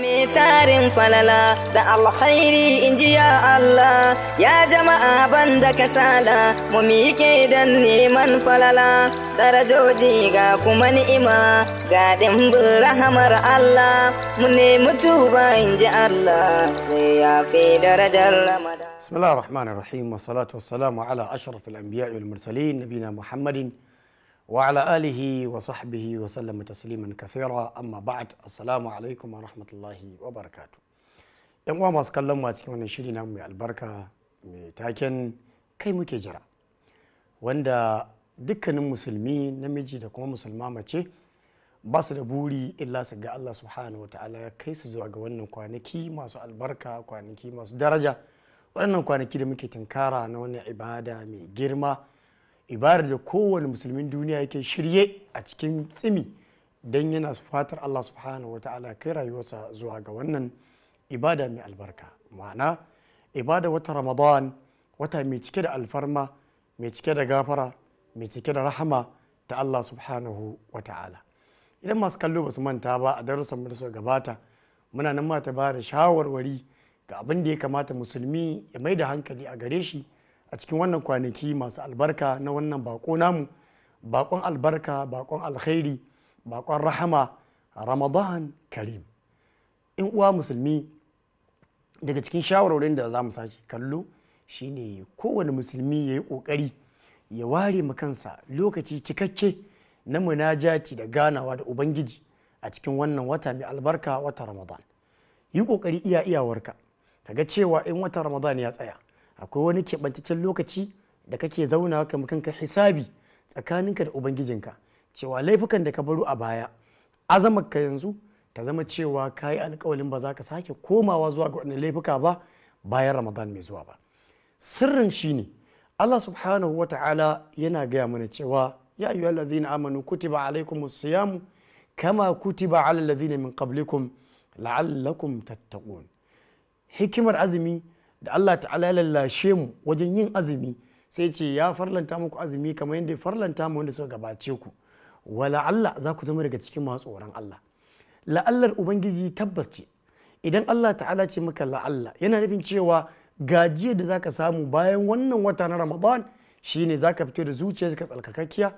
mai tarin falala da alkhairi in ji ya Allah ya jama'a banda kasala mu miƙe don neman falala darajoji ga kuma ni'ima ga dimbin rahamar Allah mu nemi tuba in ji Allah zai yafi darajar Ramadan. Bismillahir Rahmanir Rahim wa salatu wassalamu ala ashrafil anbiya'i wal mursalin nabina Muhammadin wa ala alihi wa sahbihi wa sallama tasliman kathira amma ba'ad asalamu alaikum wa rahmatullahi wa barakatu yan uwa masu kallon mu a cikin wannan shiri namu albarka mai taken kai muke jira wanda dukkanin musulmi namiji da kuma musulma mace ba su da buri illa su ga Allah subhanahu wa ta'ala ya kai su zuwa ga wannan kwanaki masu albarka kwanaki masu daraja waɗannan kwanaki da muke tunkara na wannan ibada mai girma ibarar da kowane musulmin duniya yake shirye a cikin tsimi don yana fatar Allah subhanahu wa ta'ala kai rayuwarsa zuwa ga wannan ibada mai albarka ma'ana ibada wata ramadan wata mai cike da alfarma mai cike da gafara mai cike da rahama ta Allah subhanahu wa ta'ala idan masu kallo ba su manta ba a darussan da suka gabata muna nan mata ba da shawarwari ga abin da ya kamata musulmi ya mai da hankali a gare shi a cikin wannan kwanaki masu albarka na wannan bako namu bakon albarka bakon alkhairi bakon rahama ramadan karim in uwa musulmi daga cikin shawarwarin da za mu sake kallo shine kowane musulmi ya yi kokari ya ware kansa lokaci cikakke na munajati da ganawa da ubangiji a cikin wannan wata mai albarka wata ramadan yi kokari iya iyawarka kaga cewa in wata ramadan ya tsaya akwai wani keɓantaccen lokaci da kake zauna ka hisabi tsakaninka da ubangijinka cewa laifukan da ka baro a baya azamarka yanzu ta zama cewa ka yi alkawalin ba za ka sake komawa zuwa ga waɗannan laifuka ba bayan ramadan mai zuwa ba sirrin shine allah subhanahu wa ta'ala yana gaya mana cewa ya ayyuhal ladzina amanu kutiba alaikum siyam kama kutiba ala ladzina min qablikum la'allakum tattaqun hikimar azumi da Allah ta'ala ya lallashe mu wajen yin azumi sai ce ya farlanta muku azumi kamar yadda ya farlanta mu wanda suka gabace ku wala Allah za ku zama daga cikin masu tsoron Allah la'allar ubangiji tabbas ce idan Allah ta'ala ce maka la'alla yana nufin cewa gajiya da zaka samu bayan wannan wata na Ramadan shine zaka fito da zuciya ka tsalkakakkiya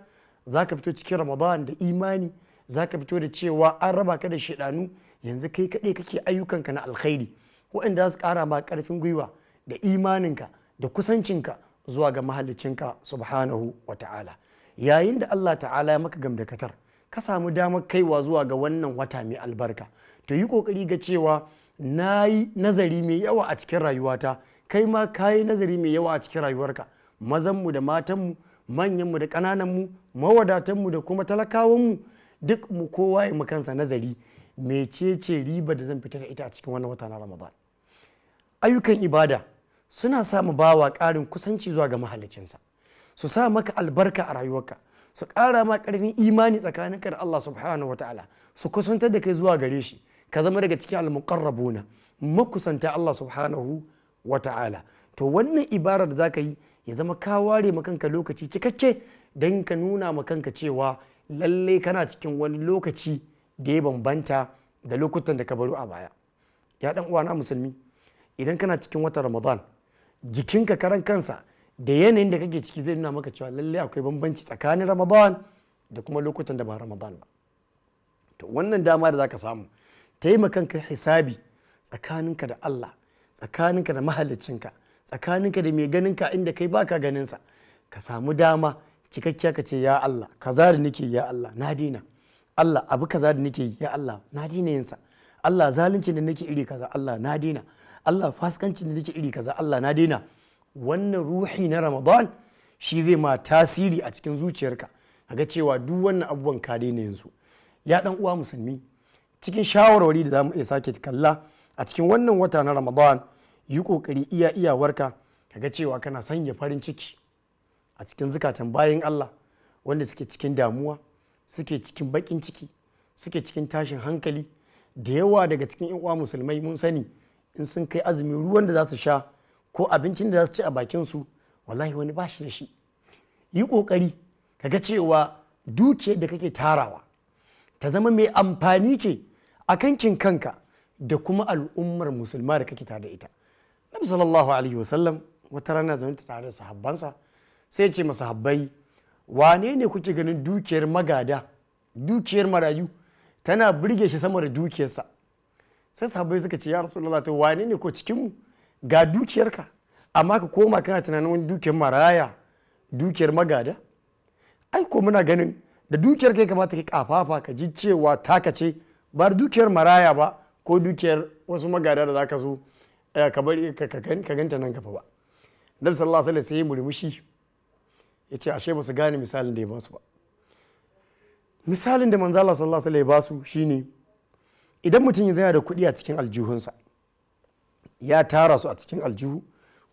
zaka fito cikin Ramadan da imani zaka fito da cewa an raba ka da shedanu yanzu kai kaɗai kake ayyukanka na alkhairi waɗanda za su ƙara ma ƙarfin gwiwa da imaninka da kusancinka zuwa ga mahallicinka subhanahu wa ta'ala yayin da Allah ta'ala ya maka gamdakatar ka samu damar kaiwa zuwa ga wannan wata mai albarka to yi ƙoƙari ga cewa na yi nazari mai yawa a cikin rayuwata kai ma ka yi nazari mai yawa a cikin rayuwarka mazanmu da matanmu manyanmu da ƙanananmu mawadatanmu da kuma talakawanmu duk mu kowa ya kansa nazari mecece riba da zan fita da ita a cikin wannan wata na ramadan ayyukan ibada suna sa mu bawa karin kusanci zuwa ga mahalicinsa su sa maka albarka a rayuwarka su kara ma ƙarfin imani tsakaninka da Allah subhanahu wataala su kusantar da kai zuwa gare shi ka zama daga cikin almuqarrabuna makusanta Allah subhanahu wataala to wannan ibara da zaka yi ya zama ka ware ma kanka lokaci cikakke dan ka nuna ma kanka cewa lalle kana cikin wani lokaci da ya bambanta da lokutan da ka baro a baya ya dan uwana musulmi idan kana cikin watan ramadan jikinka karan kansa da yanayin da kake ciki zai nuna maka cewa lallai akwai bambanci tsakanin ramadan da kuma lokutan da ba ramadan ba to wannan dama da zaka samu taimakan ka hisabi tsakaninka da allah tsakaninka da mahaliccinka tsakaninka da mai ganinka inda kai baka ganinsa ka samu dama cikakkiya ka ce ya allah ka da nake ya allah na dina Allah abu kaza da nake yi ya Allah na dina yinsa Allah zalunci da nake iri kaza Allah na dina Allah fasikanci da nake iri kaza Allah na dina wannan ruhi na Ramadan shi zai ma tasiri a cikin zuciyarka ga cewa duk wannan abubuwan ka daina yanzu ya dan uwa musulmi cikin shawarwari da zamu iya sake kalla a cikin wannan wata na Ramadan yi kokari iya iyawarka kaga cewa kana sanya farin ciki a cikin zukatan bayan Allah wanda suke cikin damuwa suke cikin baƙin ciki suke cikin tashin hankali da yawa daga cikin uwa musulmai mun sani in sun kai azumi ruwan da za su sha ko abincin da za su ci a bakin su wallahi wani ba shi da shi yi ƙoƙari kaga cewa dukiyar da kake tarawa ta zama mai amfani ce a kankin kanka da kuma al'ummar musulma da kake tare da ita nabi sallallahu alaihi wasallam wata rana zaman tare da sahabbansa sai ya ce masahabbai wane ne kuke ganin dukiyar magada dukiyar marayu tana birge shi sama da dukiyarsa sai sahabbai suka ce ya rasulullah ta wane ne ko cikinmu ga dukiyarka amma ka koma kana tunanin wani dukiyar maraya dukiyar magada ai ko muna ganin da dukiyar kai kamata ka kafafa ka ji cewa taka ce ba dukiyar maraya ba ko dukiyar wasu magada da zaka so eh, ka ganta nan gaba ba nabi sallallahu alaihi wasallam sai murmushi ya ce ashe ba su gane misalin da ya ba su ba misalin da manzala sallallahu alaihi ba su shine idan mutum ya yana da kuɗi a cikin aljihunsa ya tara su a cikin aljihu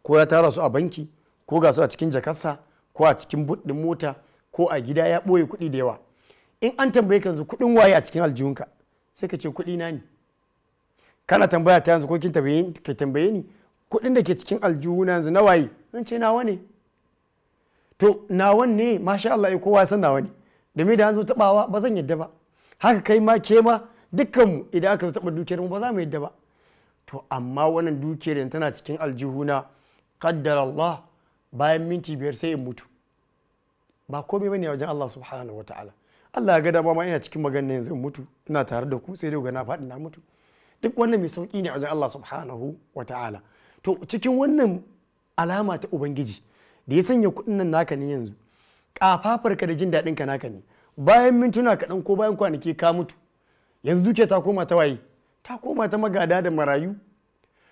ko ya tara su a banki ko ga su a cikin jakarsa ko a cikin buɗin mota ko a gida ya ɓoye kuɗi da yawa in an tambaye ka yanzu kuɗin waye a cikin aljihunka sai ka ce kuɗi na ne kana tambaya ta yanzu ko kin tambaye ni kuɗin da ke cikin na yanzu na waye zan ce nawa ne to nawan ne masha Allah eh, ya kowa san nawa ne da me da an zo tabawa ba zan yadda ba haka kai ma ke ma dukkan mu idan aka zo taba dukiyar mu ba za mu yadda ba to amma wannan dukiyar tana cikin aljihuna qaddar Allah bayan minti biyar sai in mutu ba komai bane wajen Allah subhanahu wataala Allah ya ga dama ma ina cikin magana yanzu in mutu ina tare da ku sai dai na faɗi na mutu duk wannan mai sauki ne wajen Allah subhanahu wataala to cikin wannan alama ta ubangiji da ya sanya kuɗin nan naka ne yanzu kafafarka da jin daɗin ka naka ne bayan mintuna kaɗan ko bayan kwanaki ka mutu yanzu duke ta koma ta waye ta koma ta magada da marayu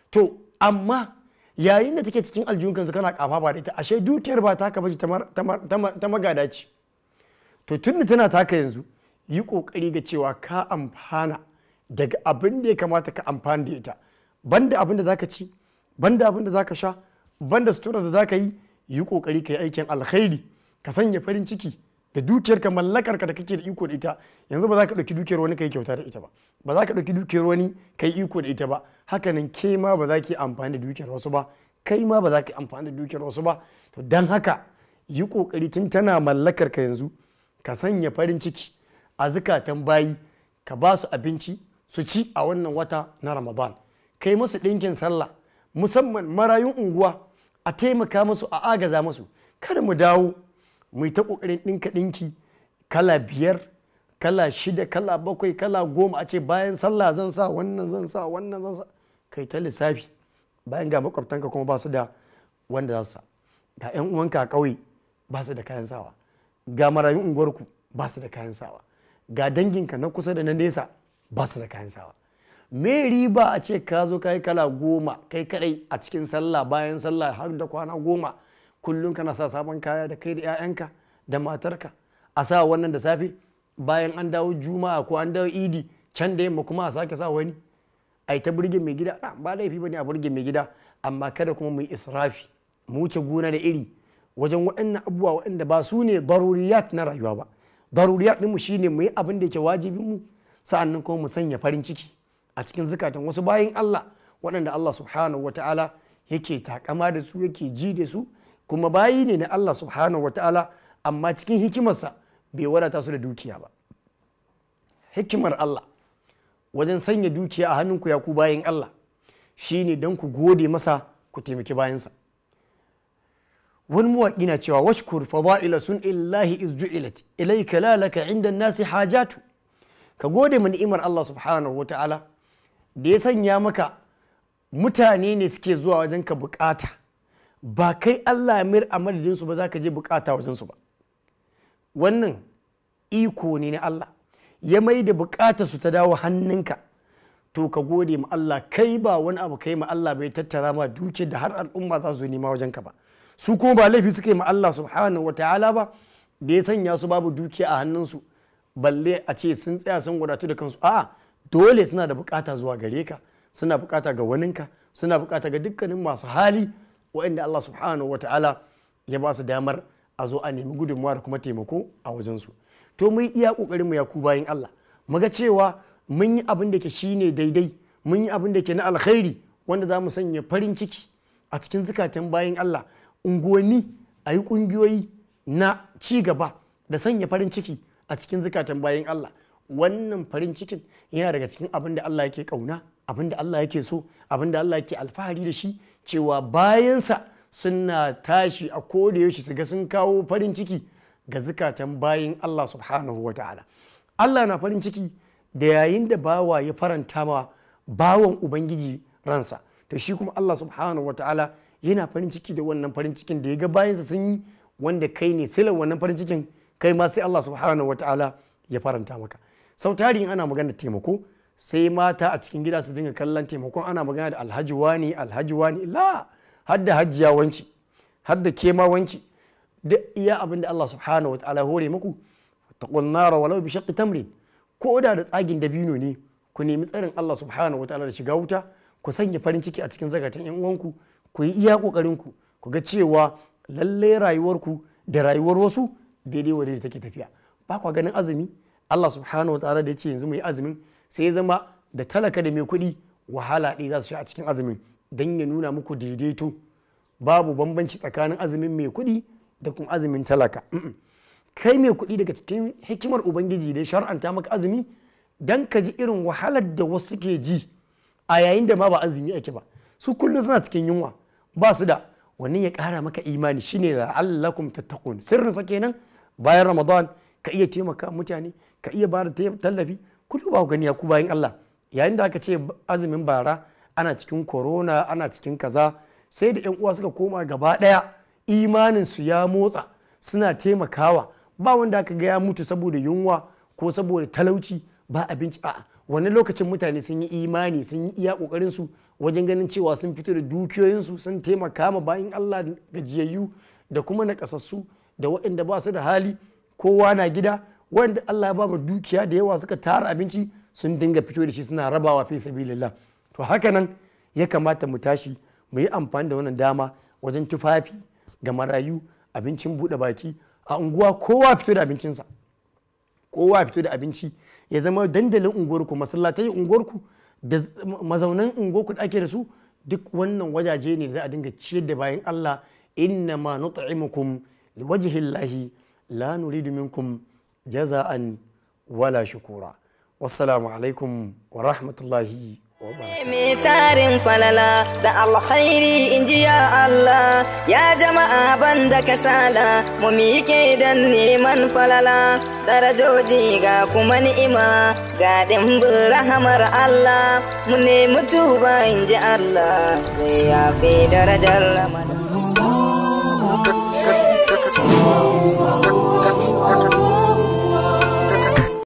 to amma yayin da take cikin aljihun kansu kana kafafa da ita ashe dukiyar ba ta ka bace ta magada ce to tun da tana taka yanzu yi kokari ga cewa ka amfana daga abin da ya kamata ka amfana da ita banda abin da zaka ci banda abin da zaka sha banda sutura da zaka yi yi kokari ka yi aikin alkhairi ka sanya farin ciki da dukiyar ka mallakar ka da kake da iko da ita yanzu ba za ka ɗauki dukiyar wani ka kyauta da ita ba ba za ka ɗauki dukiyar wani ka iko da ita ba hakanan ke ma ba za ki amfani da dukiyar wasu ba kai ma ba za ka amfani da dukiyar wasu ba to dan haka yi kokari tun tana mallakar ka yanzu ka sanya farin ciki a zukatan bayi ka ba su abinci su ci a wannan wata na ramadan kai musu ɗinkin sallah musamman marayun unguwa a taimaka musu a agaza musu kada mu dawo mu yi ta ƙoƙarin ɗinka ɗinki kala biyar kala shida kala bakwai kala goma a ce bayan sallah zan sa wannan zan sa wannan zan sa kai ta lissafi bayan ga makwabtanka kuma ba su da wanda za su sa ga 'yan uwanka a ƙauye ba su da kayan sawa ga marayun unguwarku ba su da kayan sawa ga danginka na kusa da na nesa ba su da kayan sawa me riba a ce ka zo kai kala goma kai kadai a cikin sallah bayan sallah har da kwana goma kullum kana sa sabon kaya da kai da 'ya'yanka da matarka a sa wannan da safe bayan an dawo juma'a ko an dawo idi can da yamma kuma a sake sa wani yi ta burge mai gida ba laifi bane a burge mai gida amma kada kuma mai israfi mu wuce gona da iri wajen waɗannan abubuwa waɗanda ba su ne daruriyat na rayuwa ba daruriyat ɗinmu shine mu yi abin da ke wajibin mu sa'annan kuma mu sanya farin ciki a cikin zukatan wasu bayan Allah waɗanda Allah subhanahu wata'ala yake takama da su yake ji da su kuma bayi ne na Allah subhanahu wata'ala amma cikin hikimarsa bai wadata su da dukiya ba hikimar Allah wajen sanya dukiya a hannunku ya ku bayan Allah shine don ku gode masa ku taimaki bayansa wani mawaƙi na cewa washkur fada'ila sun illahi iz ju'ilat ilayka la inda nasi hajatu ka gode ma ni'imar Allah subhanahu wa ta'ala da ya sanya maka mutane ne suke zuwa wajen ka bukata ba kai Allah mir a madadinsu ba za ka je bukata wajensu ba wannan iko ne na Allah ya mai da bukata su ta dawo hannunka to ka gode ma Allah kai ba wani abu kai ma Allah bai tattara ma duke da har al'umma za su nema wajenka ba su kuma ba laifi suke ma Allah subhanahu wataala ba da ya sanya su babu dukiya a hannunsu balle a ce sun tsaya sun wadatu da kansu a'a dole suna da bukata zuwa gare ka suna bukata ga waninka suna bukata ga dukkanin masu hali waɗanda Allah subhanahu wa ta'ala ya ba su damar a zo a nemi gudunmawa da kuma taimako a wajensu to mun iya kokarin mu ya ku bayan Allah ga cewa mun yi abin da ke shine daidai mun yi abin da ke na alkhairi wanda za mu sanya farin ciki a cikin zukatan bayan Allah unguwanni a yi kungiyoyi na ci gaba da sanya farin ciki a cikin zukatan bayan Allah wannan farin cikin yana daga cikin abin da Allah yake kauna abin da Allah yake so abin da Allah yake alfahari da shi cewa bayansa suna tashi a koda yaushe su ga sun kawo farin ciki ga zukatan bayin Allah subhanahu wa ta'ala Allah na farin ciki da yayin da bawa ya faranta ma bawan ubangiji ransa to shi kuma Allah subhanahu wa ta'ala yana farin ciki da wannan farin cikin da ya ga bayansa sun yi wanda kai ne sai wannan farin cikin kai ma sai Allah subhanahu wa ta'ala ya faranta maka sau in ana magana taimako sai mata a cikin gida su dinga kallon taimakon ana magana da alhaji wani alhaji wani la hadda hajjiya wanci hadda kema wanci duk iya abin da Allah subhanahu wa ta'ala hore muku taqul nara walau bi shaqqi tamrin ko da da tsagin dabino ne ku nemi tsarin Allah subhanahu wa ta'ala da shiga wuta ku sanya farin ciki a cikin zagatan yan uwanku ku yi iya kokarin ku ku ga cewa lalle rayuwarku da rayuwar wasu daidai wadai da take tafiya ba kwa ganin azumi Allah subhanahu ta'ala da ya ce yanzu mu yi azumin sai ya zama da talaka da mai kuɗi wahala ɗaya za su sha a cikin azumin don ya nuna muku daidaito babu bambanci tsakanin azumin mai kuɗi da kuma azumin talaka kai mai kuɗi daga cikin hikimar ubangiji da shar'anta maka azumi don ka ji irin wahalar da wasu ke ji a yayin da ma ba azumi ake ba su kullum suna cikin yunwa ba su da wannan ya ƙara maka imani shine la'allakum tattaqun sirrin sa kenan bayan ramadan ka iya taimaka mutane ka iya ba da tallafi kudu ba ku gani ku bayan Allah yayin da aka ce azumin bara ana cikin corona ana cikin kaza sai da yan uwa suka koma gaba daya imanin su ya motsa suna taimakawa ba wanda aka ga ya mutu saboda yunwa ko saboda talauci ba abinci a wani lokacin mutane sun yi imani sun yi iya kokarin su wajen ganin cewa sun fito da dukiyoyinsu sun taimaka ma bayan Allah gajiyayyu da kuma nakasassu da waɗanda ba su da hali kowa na gida wanda Allah ya ba mu dukiya da yawa suka tara abinci sun dinga fito da shi suna rabawa fi sabilillah to haka nan ya kamata mu tashi mu yi amfani da wannan dama wajen tufafi ga marayu abincin bude baki a unguwa kowa fito da abincinsa kowa fito da abinci ya zama dandalin unguwarku masallatai unguwarku da mazaunan unguwarku da ake da su duk wannan wajaje ne da za a dinga ciyar da bayan Allah inna ma nut'imukum liwajhillahi la nuridu minkum jaza'an wala shukura wassalamu alaikum wa rahmatullahi mai tarin falala da alkhairi injiya Allah ya jama'a ban da kasala mu miƙe don neman falala darajoji ga kuma ni'ima ga dimbin rahamar Allah mu nemi tuba in ji Allah zai yafe darajar ramadan